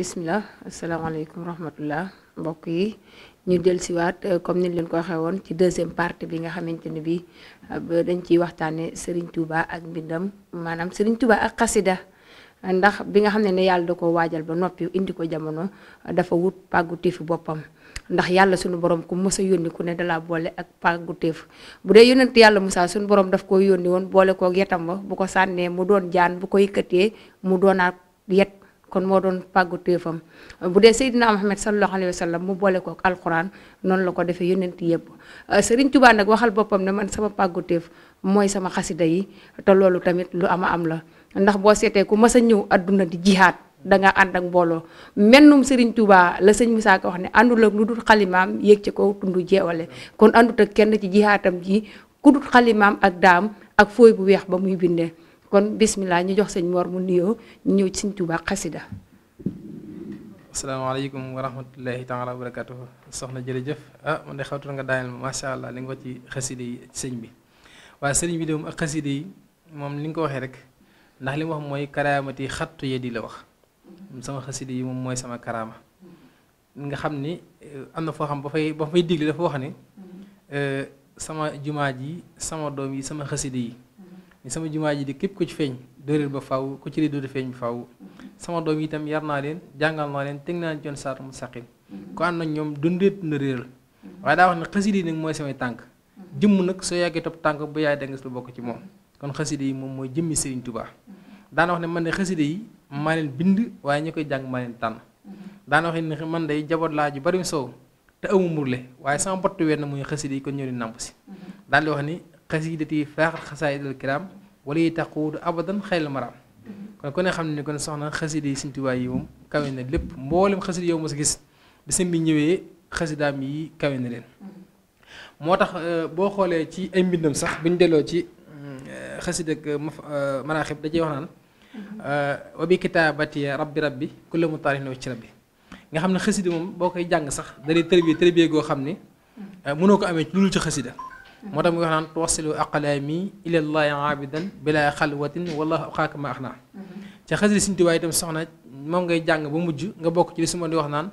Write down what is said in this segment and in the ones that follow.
bismillah asalaamaaleykum rahmatullah mbokk yi ñu del siwaat euh, comme niñ leen ko waxee woon ci deusième partie bi nga xamante ne bi euh, dañ ciy waxtaane Serigne Touba ak mbindam maanaam Serigne Touba ak xasida ndax bi nga xam ne ne yàlla da ko waajal ba noppi indi ko jamono dafa wut pàggu tiifu boppam ndax yàlla sunu borom ku mës a ku ne dalaa boole ak pàgguteef bu dee yónnent yàlla Musaa suñu borom daf ko yónni woon boole koo yetam ba bu ko sànnee mu doon jaan bu ko yëkkatee mu doonaat kon moo doon pàggu téefam bu dee Seydina am sallallahu alayhi wa sallam mu boole ko ak alxuraan noonu la ko defee yonent yëpp euh, Serigne Touba nag waxal boppam ne man sama pàggu téef mooy sama xasida yi te loolu tamit lu am a am la ndax boo seetee ku mas a ñëw adduna di jihaat danga ànd ak mbooloo mennum Serigne Touba la sëñ Moussa Ka wax ne àndul lu dul xalimaam yéeg ci kaw tund jeewale kon àndut ak kenn ci jihaatam ji ku dul xalimaam ak daam ak fooy bu weex ba muy bindee kon bismillah ñu jox sëñ war mu nuyoo ñu ñëw ci sëñ Tuuba xasida asalaamaaleykum wa rahmatullahi taala wa barakatuh soxna jërëjëf ah man de xawtul allah li nga wax ci xasida yi sëñ bi waaye sëriñ bi de moom yi moom li nga ko waxee rek ndax li mu wax mooy karaamati xattu ye di la wax sama xasida yi moom mooy sama karaama nga xam ni eh, am na foo xam ba fay ba fay digle dafa wax ni eh, sama jumaa ji sama doom yi sama xasida yi ni sama jumaa ji di képp ku ci feeñ dóoreel ba faw ku ci doo di feeñ ba faw sama doom itam yar naa leen jàngal naa leen teg naa leen coon saat mu saqim ku ànd na ñoom dundeet na réeral waaye daa wax ne xasida yi nag mooy samay tànk jëmm nag soo yàggee topp tànk bu yaay dangas lu bokk ci moom kon xasida yi moom mooy jëmmi Serigne tubaa daana wax ne man de xasida yi maa leen bind waaye ñu koy jàng maa leen tànn daana wax ne man day jaboot laa ju bari soow te amu murle waaye sama bottu wenn muy xasida yi kon ñëw di nàmp si daal di xasiidati faaxat xasaayidal kiram wala yi tax taquudu abadan xayl maram kon ku ne xam ne ni kon soxna xasida yi Sëñ Tuubaa yi moom kawe lépp mboolem xasida yow mos a gis bi bi ñëwee xasidaam yi kawe na leen moo tax euh, boo xoolee ci mbindam sax bu ñu delloo ci euh, xasida ak euh, maraaxib da cee wax naan wa bi kitaabati rabbi rabbi kulla mu taarix na ci rabbi nga xam ne xasida moom boo koy jàng sax da lay tërbiye goo xam ne mënoo ko amee ci loolu ci xasida moo tax mu wax naan tuwasilu aqlaami ilallahi aabidan bila xalwatin wallahu aqaaka ma axna ca xasida Sëñ Tuubaa itam soxna moom ngay jàng ba mujj nga bokk ci li su di wax naan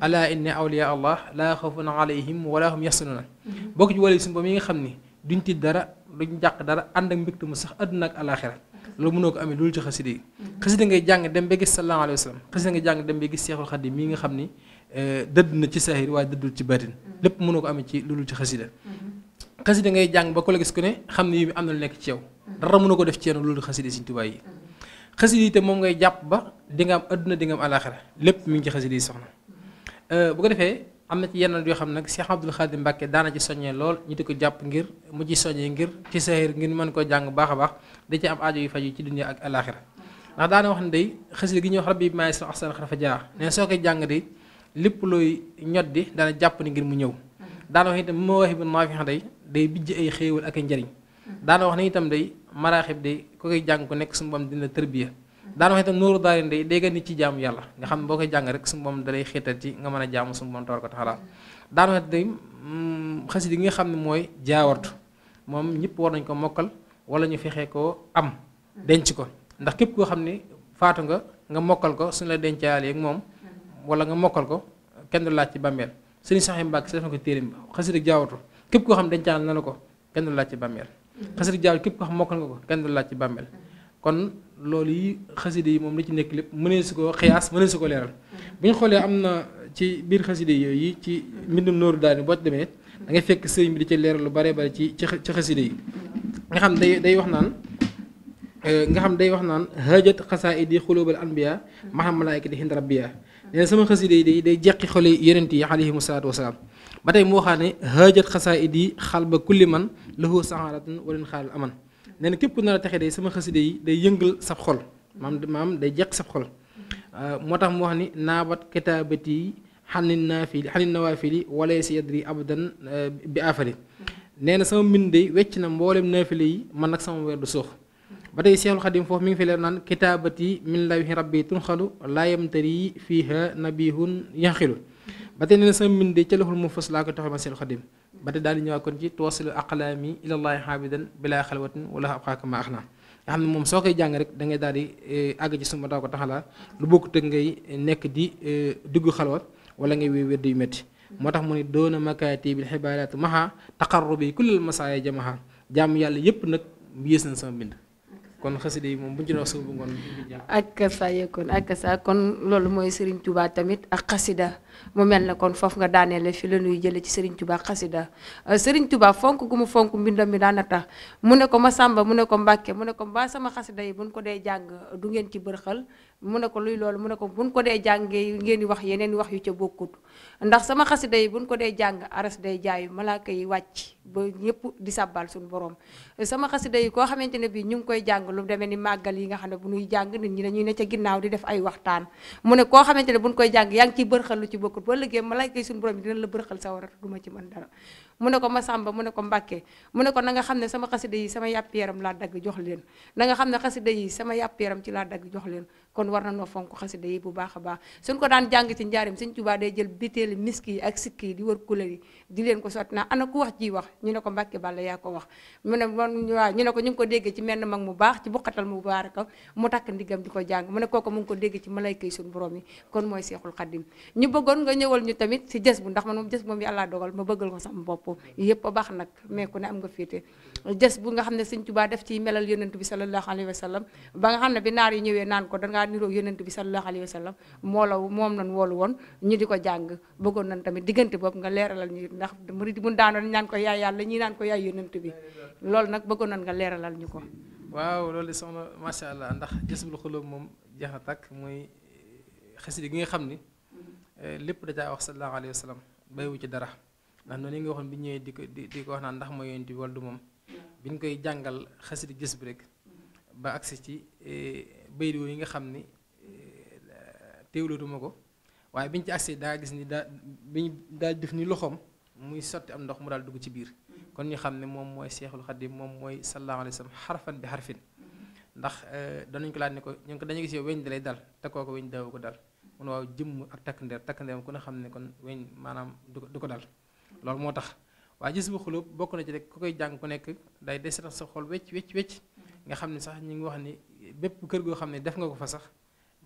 ala inna awliya allah laa xawfun alayhim wala hum yaxsanuuna bokk ci wàllu suñu ba mi nga xam ni duñ tiit dara duñ jàq dara ànd ak mbégte mu sax àdduna ak alaxira loolu mënoo ko amee loolu ci xasida yi xasida ngay jàng dem ba gis sallallahu alayhi wa sallam jàng dem ba gis Seexul Xadiim mii nga xam ni eh, dëdd na ci saahir waaye dëddul ci batin lépp mënoo ko amee ci loolu ci xasida xasida ngay jàng ba ko la gis ku ne xam ne yi am na lu nekk ci yow dara mën na ko def ci yow loolu xasida Sëriñ Tuubaa yi xasida yi te moom ngay jàpp ba di nga am adduna di nga am lépp mi ngi ci xasida yi soxna euh, bu ko defee am na ci yenn yoo xam nag Cheikh Abdoul Khadim Mbacke daana ci soññee lool ñu di ko jàpp ngir mu ci soññee ngir ci sahir ngir mën koo jàng baax a baax da ci am aajo yu faju ci dunya ak alaxira ndax daana wax ne day xasida gi ñuy wax rabbi maay sa axsan xarafa jaa ne soo koy jàng day lépp looy ñoddi daana jàpp ni ngir mu ñëw daana wax itam moo wax bi naafi day day bijj ay xéewal ak ay njariñ daana wax ne itam day maraaxib day ko koy jàng ku nekk su boom dina tërbiya daana wax itam nooru daarin day day gën nit ci jaamu yàlla nga xam ne boo koy jàng rek suñu boom dalay xiital ci nga mën a jaamu suñu boom tabaraka taala daana wax day mm, xasida yi nga xam ne mooy jaawartu moom ñëpp war nañ ko mokkal wala ñu fexee koo am denc ko ndax képp koo xam ne faatu nga nga mokkal ko suñu la dencaale ak moom wala nga mokkal ko kenn laaj ci bàmmeel su sax yi mbàkk si def na ko téerim ba xasida jaawartu képp koo xam ne dencaal na la ko kenn du laaj ci bàmmeel xasida jaal képp koo xam mokkal nga ko kenn du laaj ci bàmmeel kon loolu yi xasida yi moom li ci nekk lépp mënee su ko xiyaas mënee su ko leeral bu ñu xoolee am na ci biir xasida yooyu ci mbindum nóoru daal ni boo ci demee da fekk sëriñ bi di ci leeral lu bare bare ci ci xasida yi nga xam day day wax naan euh, nga xam day wax naan hajat xasaayidi xulóobal anbiya maham malaayka di hind rabbiya nee sama xasida yi day jeqi xole yonent yi alayhimu salaatu ba tey mu waxaat ne hajat xasaayid yi xal ba kulli man lahu saharatun walin xaalal aman nee na képp ku nar a texe day sama xaside yi day yëngal sab xol maam maam day jeq sab xol euh, moo tax mu wax ni naabat kitaabati yi xanin naafili xanin nawaafili wala si yadri abadan euh, bi aafali nee na sama mbind day wecc na mboolem naafili yi man nag sama weer du suux ba tey Seexul Xadim foofu mi ngi fi leer naan kitaabat yi min lawhi rabbi tunxalu laayamtari fiiha nabihun yanxilu ba tey nee na sama mbindee ca loxul mu fës laa ko taxaw ma seen xadim ba tey daal di ñëwaat kon ci tuwasilu aqlaami ilallaahi xaabidan bilaa xalwatin wala abxaaka ma axna nga xam ne moom soo koy jàng rek dangay ngay daal di eh, àgg ci suma daa ko taxalaa lu bokk tëg ngay eh, nekk di eh, dugg xalwat wala ngay wéy wér yu métti moo tax mu ne doona makaati bil xibaaraatu bi taqarrubi kullal masaaya jamaha jàmm yàlla yépp nag yées na sama mbind kon xasida yi moom bu ñu ci doon wax suba ngoon ak sa yëkkoon ak sa kon loolu mooy Serigne Touba tamit ak xasida mu mel ne kon foofu nga daaneele fi la ñuy jëlee ci Serigne Touba xasida euh, Serigne Touba fonk gu mu fonk mbindam mi daan daana tax mu ne ko ma Masamba mu ne ko Mbàkke mu ne ko mbaa sama xasida yi bu buñ ko dee jàng du ngeen ci bërxal mu ne ko luy loolu mu ne ko buñ ko dee jàngee ngeen di wax yeneen wax yu ca bokkut ndax sama xasida yi buñ ko dee jàng aras day jaayu malaaka yi wàcc ba ñëpp di sàbbal suñu borom sama xasida yi koo xamante ne bii ñu ngi koy jàng demee ni màggal yi nga xam ne bu ñuy jàng nit ñi dañuy ne ca ginnaaw di def ay waxtaan mu ne koo xamante ne buñ koy jàng yaa ngi ciy bërxal lu ci bokkut ba liggéey malaaka yi suñu borom yi dinañ la bërxal sa war ma ci man dara mu ne ko ma Masamba mu ne ko Mbàkke mu ne ko na nga xam ne sama xasida yi sama yàpp yaram laa dagg jox leen nanga nga xam ne xasida yi sama yàpp yaram ci laa dagg jox leen kon war na noo fonk xasida yi bu baax a baax suñ ko daan jàng ci njaarim ko sotti naa ana ku wax ji ko Mbàkke Bàlla yaa ko wax mu ne man waaw ñu ne ko suñ borom a xam ne sëñ def ci melal yonent bi sallallahu alayhi wa ba nga xam ne bi naar yi ñëwee naan ko ngaa niroog yonent bi sallallahu alayhi wa sallam moo la moom nan woolu woon ñu di ko jàng bëggoon nañ tamit diggante boobu nga leeralal ñu ndax murid bu daanoo naan ko yaay yàlla ñii naan ko yaay yonent bi loolu nag bëggoon nañ nga leeralal ñu ko waaw loolu de soxna macha allah ndax jësbul xulóob moom jeex na takk mooy xasida gi nga xam ni eh, lépp da caa wax sallallahu alayhi wa sallam ci dara ndax noonu yi nga waxoon bi ñëwee di ko di wax naan ndax mooy yonent bi du moom biñ koy jàngal xasida jës bi rek ba agsi ci e, bayit yi nga xam ni e, teewlootuma ko waaye bi ñu ci agsi daa gis ni daa bi ñu daa def ni loxoom muy sotti am ndox mu daal dugg ci biir kon ñu xam ne moom mooy seexul xadim moom mooy sallallahu alayhi wa sallam xarfan bi xarfin ndax e, danañ ko laaj ne ko ñu ko dañu gis weñ dalay dal te ko weñ daw ko dal mun waaw jëmm ak takk ndeer takk ndeer ku ne xam ne kon weñ maanaam du ko du ko dal loolu moo tax waaye gis bu xulub bokk na ci rek ku koy jàng nekk day desetal sa xol wecc wecc nga xam ne sax ñu ngi wax ni bépp kër goo xam ne def nga ko fa sax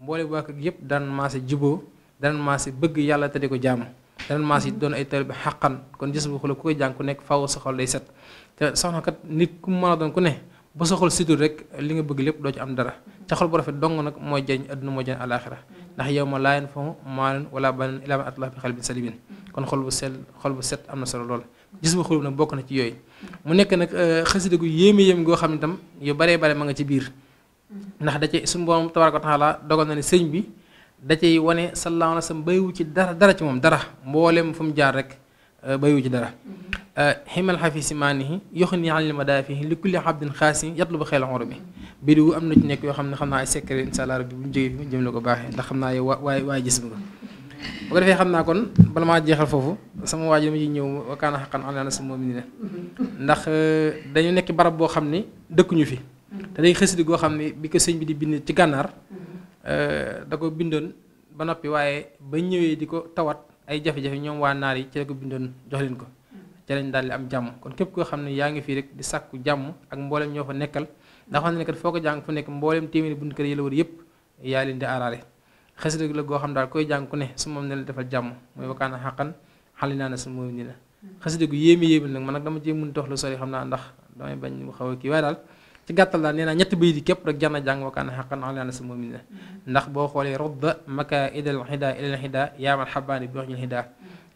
mboole waa kër yëpp daan maase juboo dana maase bëgg yàlla te di ko jaamu daan maase doon ay taalibe xàqan kon gis bu xula ku koy jàng nekk faaw sa xol day soxna kat nit ku mën a doon ku ne ba sa xol rek li nga bëgg lépp doo ci am dara ca xol bu rafet dong nag mooy jëriñ àdduna mooy jëriñ alaaxira ndax yow ma laayan fa maalun wala banun illaa man atallaaha bi qalbin saliim kon xol bu sel xol bu set am na solo lool gis bu xulub nag bokk na ci yooyu mu nekk nag euh, xasida gu yéeme yéem goo xam ne itam yu baree bare ma nga ci biir ndax da su suñu borom tabaraka taala dogal na ne sëñ bi da cey wane sallallahu alayhi bay wu ci dara dara ci moom dara mboolem fu mu jaar rek euh, bayiwu ci dara ximal euh, xafisi maanihi yoxni an li madaafihi li kulli abdin xaasi yatlubu xel xoro bi bidiwu am na ci nekk yoo xam ne xam naa ay secret insha bi rabbi bu ñu jógee fi jëm la ko baaxee ndax xam naa yow waaye waay gis nga bu ko defee xam naa kon bala maa jeexal foofu sama waajur mi ñëw wa kaana haqqan alaa nas na ndax euh, dañu nekk barab boo xam ne dëkkuñu fi. te day xasida goo xam ne bi ko sëñ bi di bind ci gànnaar. Euh, da ko bindoon ba noppi waaye ba ñëwee di ko tawat ay jafe-jafe ñoom waa naar yi ci la ko bindoon jox leen ko. ci lañ daal di am jàmm kon képp koo xam ne yaa ngi fii rek di sàkku jàmm ak mboolem ñoo fa nekkal ndax xam ne kat foo ko jàng fu nekk mboolem téeméeri bunt kër yi la wër yëpp yaa leen di araare xasida la goo xam daal koy jàng ku ne su moom ne la defal jàmm mooy wakkaana xaqan xali naa ne su moom ni la xasida gu yéeme yéeme nag xam naa ndax damay bañ mu xaw a nee naa ñetti bayit yi képp rek jar na jàng wakkaana xaqan xali naa ndax boo xoolee rodda maka idal xida ilal xida yaamal xabaani bi wax ñul xida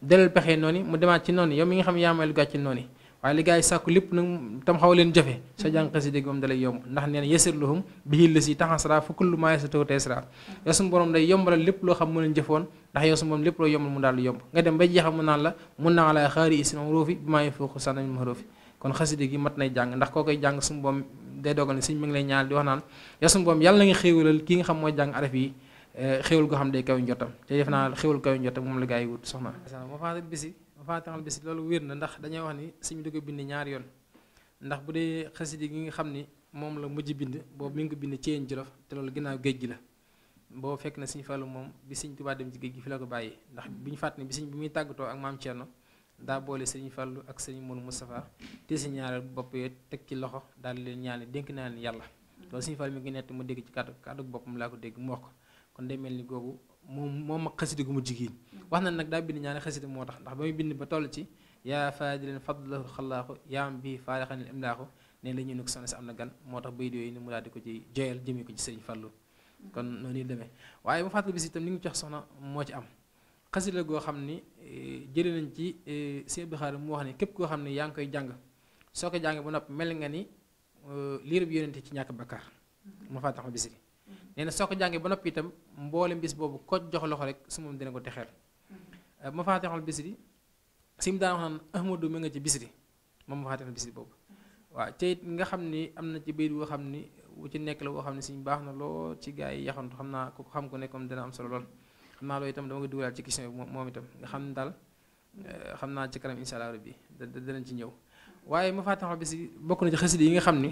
delal pexe noonu mu demaat ci noonu yow mi nga xam yaamal gàcc noonu waaye li gars yi sàkku lépp nag tam xaw leen jafe sa jàng xasida gi moom dalay yomb ndax nee na yasir lahum bihi la si taxasra fa kullu maa yasirtahu taysra yow suñu borom day lépp loo xam mu leen jëfoon ndax yow suñu borom lépp loo yombal mu daal di yomb nga dem ba jeexal mu naan la mun naa la xaari isin roofi bi maa ngi fooxu sànni ma roofi kon xasida gi mat nay jàng ndax koo koy jàng suñu borom day dogal ne sëñ mi ngi lay ñaanal di wax naan yow suñu borom yàlla na nga xéewalal kii nga xam mooy jàng araf yi xéwal goo xam day kaw njottam te def naa xéwal kaw njottam moom la gaa yi wut soxna ma faatal bisi ma faatal bisi loolu wér na ndax dañuy wax ni suñu du ko ñaari yoon ndax bu dee xasidi gi nga xam ni moom la mujj bind boobu mi ko bind ceeñ jolof te loolu ginnaaw géej gi la boo fekk na Sëñ Fallu moom bi Sëñ Tuubaa dem ci géej gi fi la ko bàyyi ndax bi ñu bi sëñ bi muy tàggatoo ak maam Thierno daa boole Sëñ Fallu ak Sëñ Mourou Moustapha te si ñaareel bopp yooyu teg ci loxo daal leen ñaani dénk naa leen yàlla loolu Sëñ fal mu ngi nett mu dégg ci kàddu kàddu boppam laa ko dégg mu wax ko kon day mel ni googu moom moom mag xasida gu mu jigéen wax na nag daa bind ñaari xasida moo tax ndax ba muy bind ba toll ci yaa faadileen fadlahu xalaaxu yaam bi faarixanil imlaaxu ne la ñuy nag soxna si am na gan moo tax bayit yooyu ni mu daal di ko ci joyal jëmee ko ci sëriñ Fallou kon noonu demee waaye bu fàttali bis itam li jox soxna moo ci am xasida goo xam ni eh, jëlee nañ ci Sëriñ eh, Abdou Khadre mu wax ne képp koo xam ne yaa ngi koy jàng soo ko jàngee ba noppi mel nga ni eh, liir bi yonente ci ñàkk bakkaar ma fàttax ma bisi nee na soo ko jàngee ba noppi itam mboolem bis boobu ko jox loxo rek su moom dina ko texeel euh, ma faatixul bisri si mu daan wax naan ahmadu mi nga ci bisri moom ma faatixul bisri boobu waaw te it nga xam ni am na ci bayit woo xam ni wu ci nekk la woo xam ne suñ baax na lool ci gars yi yaxantu xam naa ku xam ko nekkoon dina am solo lool xam naa loolu itam dama koy dugalaat ci question bi moom itam nga xam ne daal euh, xam naa ci kanam incha allah da danañ ci ñëw waaye ma faatixul bisri bokk na ci xasida yi nga xam ni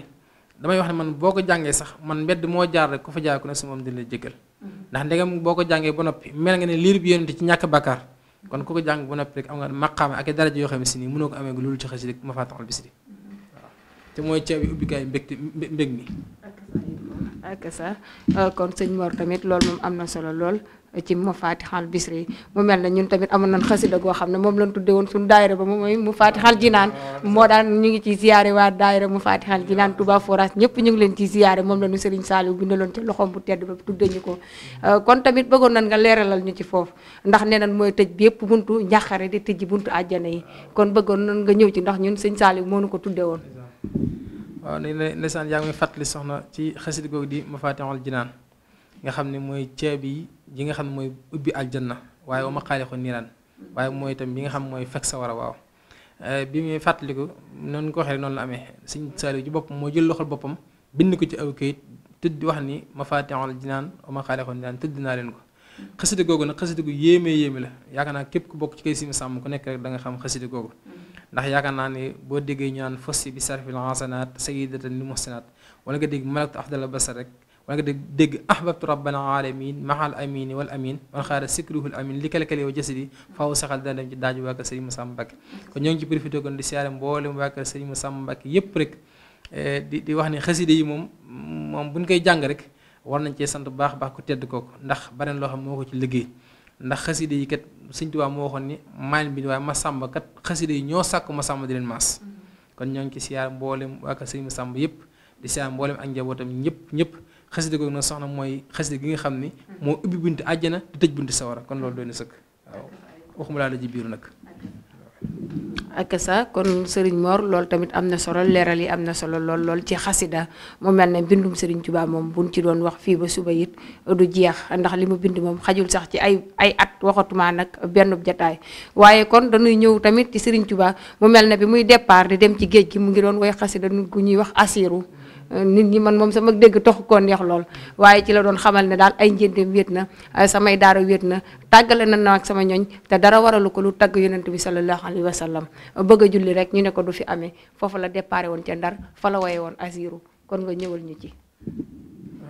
damay wax ne man boo ko jàngee sax man mbedd moo jaar rek ku fa jaar ku ne su moom di la jëggal mm-hmm. ndax ndegam boo ko jàngee ba noppi mel nga ne liir bi yonente ci ñàkk bàkkaar mm-hmm. kon ku ko jàng ba noppi rek am nga maqaama ak daraja yoo xam ne si nii mënoo ko amee loolu ci xasida Mafatihul Bichri waaw te mooy ceeb bi ubbikaay mbégte mbég mi euh, kon sëñ Mor tamit lool moom am na solo lool ci mu faatixal bisri mu mel na ñun tamit amoon nañ xasida goo xam ne moom lañ tudde woon suñu daayira ba moom mooy mu faatixal jinaan moo daan ñu ngi ci ziyaare waa daayira mu faatixal jinaan Touba Forage ñëpp ñu ngi leen ci ziyaare moom la ñu Serigne Saliou bindaloon ci loxoom bu ñu ko euh, kon tamit bëggoon nañ nga leeralal ñu ci foofu ndax nee nañ mooy tëj bépp buntu njàqare di tëj buntu àjjana yi kon bëggoon nañ nga ñëw ci ndax ñun sëñ Saliou moo ñu ko tudde woon waaw ndeysaan yaa ngi fàttali soxna ci xasida googu di mu faatixal jinaan nga xam ne mooy ceeb yi ji nga xam mooy ubbi na waaye wa ma xaalixu niiraan waaye mooy itam bi nga xam mooy fekk sa war a waaw eh, bi muy fàttaliku noonu ko waxee noonu la amee sëñ Saliou ci boppam moo jël loxol boppam bind ko ci aw kayit di wax ni mafaatihul jinaan wa ma xaalixu niiraan tëdd dinaa leen ko xasida googu nag xasida gu yéeme yéeme la yaakaar naa képp ku bokk ci kay simi sàmm ku nekk rek da nga xam xasida googu ndax yaakaar naa ne boo déggee ñu naan fossi bi sarfil xasanaat sayidatan li muhsinaat wala nga dégg malaktu afdala basar rek wala nga dégg ahbabtu rabbana alamin mahal amini wal amin man xaara sikruhul amin li kalkali wa jasidi faaw saxal dana dem ci daaju waa kër Serigne Moussa Mbacke kon ñoo ngi ci profité kon di siyaare mboolem waa kër Serigne Moussa Mbacke yépp rek eh, di di wax ni xaside yi moom moom buñ koy jàng rek war nañ cee sant bu baax baax ku tedd kooku ndax baneen loo xam moo ko ci liggéey ndax xaside yi kat Sëñ Tuubaa moo waxoon ni maan bi waaye Masamba kat xaside yi ñoo sàkk Masamba di leen maas kon ñoo ngi ci siyaar mboolem waa kër Serigne Moussa yépp di siyaar mboolem ak njabootam ñëpp ñëpp xasida googu na soxna mooy xasida gi nga xam ni moo ubbi bunti àjjana te tëj bunti sawara kon loolu doy na sëkk waaw waxuma laa la ji nag ak kon Serigne Mor loolu tamit am na solo leeral yi am na solo lool lool ci xasida mu mel ne bindum Serigne Touba moom buñ ci doon wax fii ba suba it du jeex ndax li mu bind moom xajul sax ci ay ay at waxatumaa nag benn jataay waaye kon dañuy ñëw tamit ci Serigne Touba mu mel ne bi muy départ di dem ci géej gi mu ngi doon woy xasida ku ñuy wax asiru nit ñi man moom sama dégg toxu koo neex lool waaye ci la doon xamal ne daal ay njëndeem wéet na samay daara wéet na tàggale na na ak sama ñooñ te dara waralu ko lu tagg yonent bi sallallahu alayhi wa sallam bëgg a julli rek ñu ne ko du fi amee foofu la déparé woon ca ndar fa la woye woon asiru nga ñëwal ñu ci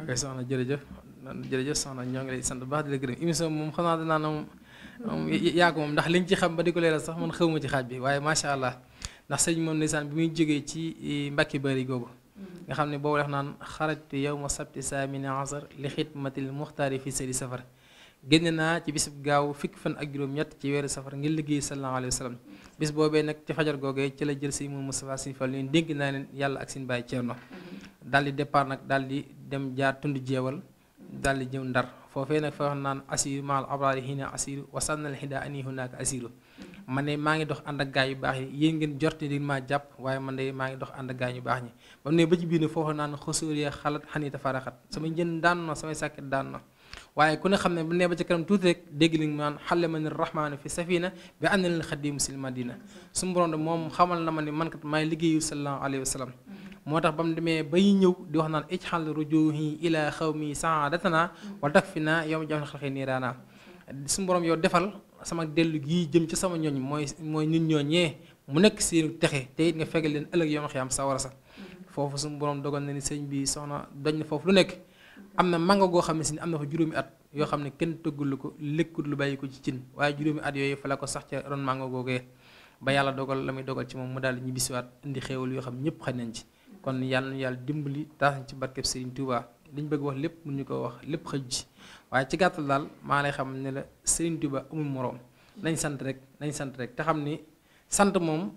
ok soxna jërëjëf jërëjëf soxna ñoo ngi lay sant baax di la gërëm émission moom xam naa danaa na moom yaa ko moom ndax liñ ci xam ba di ko leeral sax man xawma ci xaaj bi waaye macha allah ndax sëñ moom ndeysaan bi muy jógee ci eh, mbakki bari googu nga xam ne boobu wax naan xarajtu yawma sabti saamini asar li xidmatil muxtaari fi sëri safar génn naa ci bisub gaaw fikk fan ak juróom-ñett ci weeru safar ngir liggéey sallallahu alayhi wa sallam bis boobee nag ci fajar googee ci la jël si mu Moustapha si fal leen dégg naa leen yàlla ak seen bàyyi Ceerno mhm. daal di départ nag daal di dem jaar tund jeewal daal di jëw ndar foofee nag fa wax naan asiru maal abraari hina asiru wasannal hida ani hunaka asiru man de maa ngi dox ànd ak gaay yu baax yi yéen ngeen jort ni maa jàpp waaye man de maa ngi dox ànd ak gaay yu baax ñi ba mu ne ba ci biir ne foofu naan xasuuree xalat xanii tafaraxat samay daan na samay sàkket daan na waaye ku ne xam ne bu ne ba ci kanam tuuti rek dégg li naan xale ma ni rahmaani fi safina bi ànd leen xadimu sil madina suñu borom de moom xamal na ma ne man kat maay liggéeyu sallallahu alayhi wa moo tax ba mu demee bay ñëw di wax naan ijxal rujuhi ila xawmi saadatana wa takfina fii naa yow na xalxi niiraana su borom yow defal sama dellu gii jëm ci sama ñooñ mooy mooy ñun ñooñee mu nekk seen texe te it nga fegal leen ëllëg yoom xiyaam sawara sa foofu suñu borom dogal na ni sëñ bi soxna dañ na foofu lu nekk am na manga goo xam ne si ni am na fa juróomi at yoo xam ne kenn tëggul ko lékkul lu bàyyi ko ci cin waaye juróomi at yooyu fa la ko sax ca ron mango googee ba yàlla dogal la muy dogal ci moom mu daal di ñibbisiwaat indi xéewal yoo xam ñëpp xañ nañ ci kon yàlla na yàlla dimbali taas ci barkeb Serigne Touba liñ bëgg wax lépp mun ñu ko wax lépp xëj ji waaye ci gàttal daal maa lay xam ne la Serigne Touba amul moroom nañ sant rek nañ sant rek te xam ni sant moom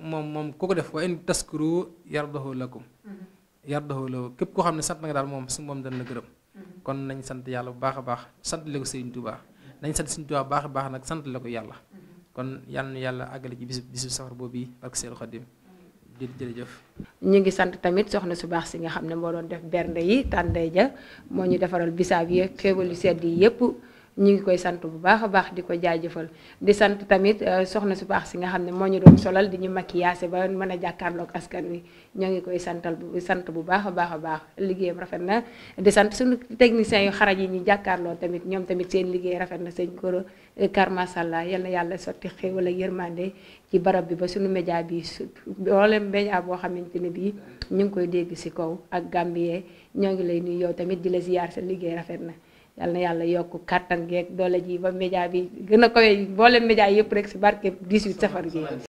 moom moom ku ko def wa in taskuru yardahu lakum mm-hmm. yardahu lakum képp koo xam ne sant na nga daal moom su moom dana la gërëm mm-hmm. kon nañ sant yàlla bu baax a baax sant la ko Serigne Touba nañ sant Serigne Touba baax a baax nag sant la ko yàlla mm-hmm. kon yàlla nu yàlla àggale ci bisu bisu safar boobu yi ak Seeru Xadim jërëjëf ñu ngi sant tamit soxna su baax si nga xam ne moo doon def bernde yi tànday ja moo ñu defaral bisaab yi xéewal yu sedd yi yépp ñu ngi koy sant bu baax a baax di ko jaajëfal di sant tamit euh, soxna su baax si nga xam ne moo ñu doon solal di ñu maquillage ba mën a jàkkaarloog askan wi ñoo ngi koy santal bu sant bu baax a baax a baax liggéeyam rafet na di sant suñu techniciens yu xaraj yi ñu jàkkaarloo tamit ñoom tamit seen liggéey rafet na seen euh, koro Kar masalla yal na yàlla sotti xéwal ak yërmande ci barab bi ba suñu média bi wala média boo xamante ne bii ñu ngi koy dégg si kaw ak Gambie ñoo ngi lay nuyu yow tamit di la ziyaar sa liggéey rafet na yal na yàlla yokk kàttan geeg doole ji ba média bi gën a kawe mboolem média yëpp rek si barke 18 safar gi